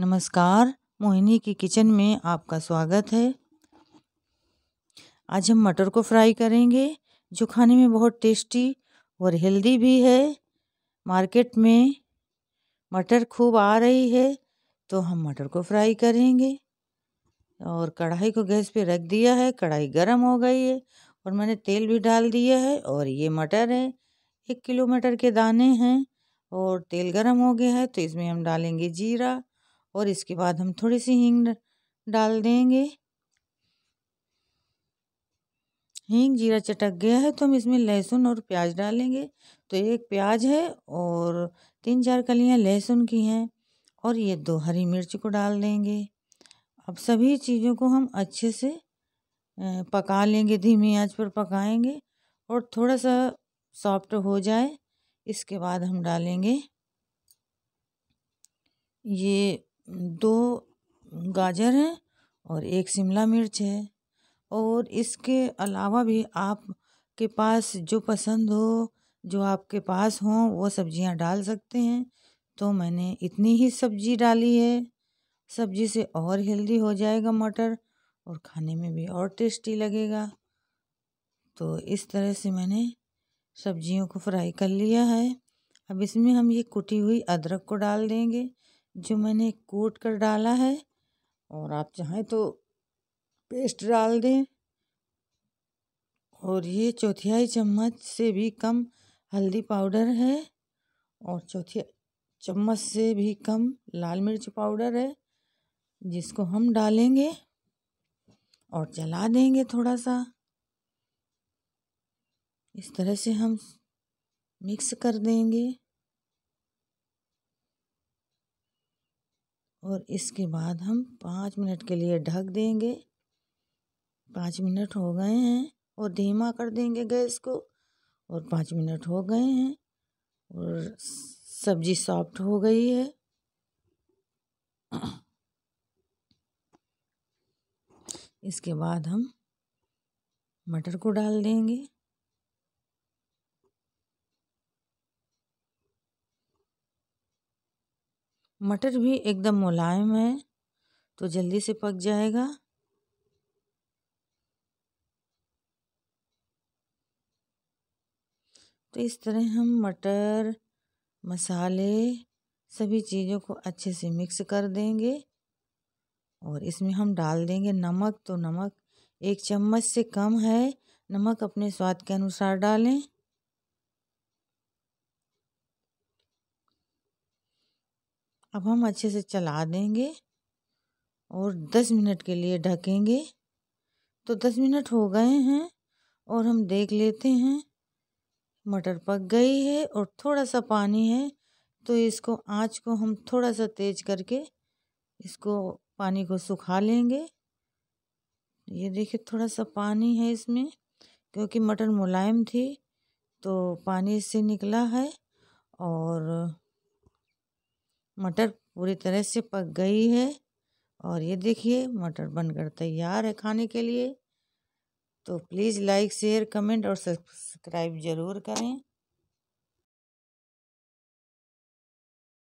नमस्कार मोहिनी की किचन में आपका स्वागत है आज हम मटर को फ्राई करेंगे जो खाने में बहुत टेस्टी और हेल्दी भी है मार्केट में मटर खूब आ रही है तो हम मटर को फ्राई करेंगे और कढ़ाई को गैस पे रख दिया है कढ़ाई गर्म हो गई है और मैंने तेल भी डाल दिया है और ये मटर है एक किलो मटर के दाने हैं और तेल गर्म हो गया है तो इसमें हम डालेंगे जीरा और इसके बाद हम थोड़ी सी हींग डाल देंगे हींग जीरा चटक गया है तो हम इसमें लहसुन और प्याज डालेंगे तो एक प्याज है और तीन चार कलियां लहसुन की हैं और ये दो हरी मिर्च को डाल देंगे अब सभी चीज़ों को हम अच्छे से पका लेंगे धीमी आंच पर पकाएंगे और थोड़ा सा सॉफ्ट हो जाए इसके बाद हम डालेंगे ये दो गाजर हैं और एक शिमला मिर्च है और इसके अलावा भी आपके पास जो पसंद हो जो आपके पास हों वो सब्जियां डाल सकते हैं तो मैंने इतनी ही सब्जी डाली है सब्जी से और हेल्दी हो जाएगा मटर और खाने में भी और टेस्टी लगेगा तो इस तरह से मैंने सब्जियों को फ्राई कर लिया है अब इसमें हम ये कुटी हुई अदरक को डाल देंगे जो मैंने कोट कर डाला है और आप चाहें तो पेस्ट डाल दें और ये चौथाई चम्मच से भी कम हल्दी पाउडर है और चौथी चम्मच से भी कम लाल मिर्च पाउडर है जिसको हम डालेंगे और चला देंगे थोड़ा सा इस तरह से हम मिक्स कर देंगे और इसके बाद हम पाँच मिनट के लिए ढक देंगे पाँच मिनट हो गए हैं और धीमा कर देंगे गैस को और पाँच मिनट हो गए हैं और सब्जी सॉफ्ट हो गई है इसके बाद हम मटर को डाल देंगे मटर भी एकदम मुलायम है तो जल्दी से पक जाएगा तो इस तरह हम मटर मसाले सभी चीज़ों को अच्छे से मिक्स कर देंगे और इसमें हम डाल देंगे नमक तो नमक एक चम्मच से कम है नमक अपने स्वाद के अनुसार डालें अब हम अच्छे से चला देंगे और दस मिनट के लिए ढकेंगे तो दस मिनट हो गए हैं और हम देख लेते हैं मटर पक गई है और थोड़ा सा पानी है तो इसको आँच को हम थोड़ा सा तेज करके इसको पानी को सुखा लेंगे ये देखिए थोड़ा सा पानी है इसमें क्योंकि मटर मुलायम थी तो पानी इससे निकला है और मटर पूरी तरह से पक गई है और ये देखिए मटर बनकर तैयार है खाने के लिए तो प्लीज़ लाइक शेयर कमेंट और सब्सक्राइब ज़रूर करें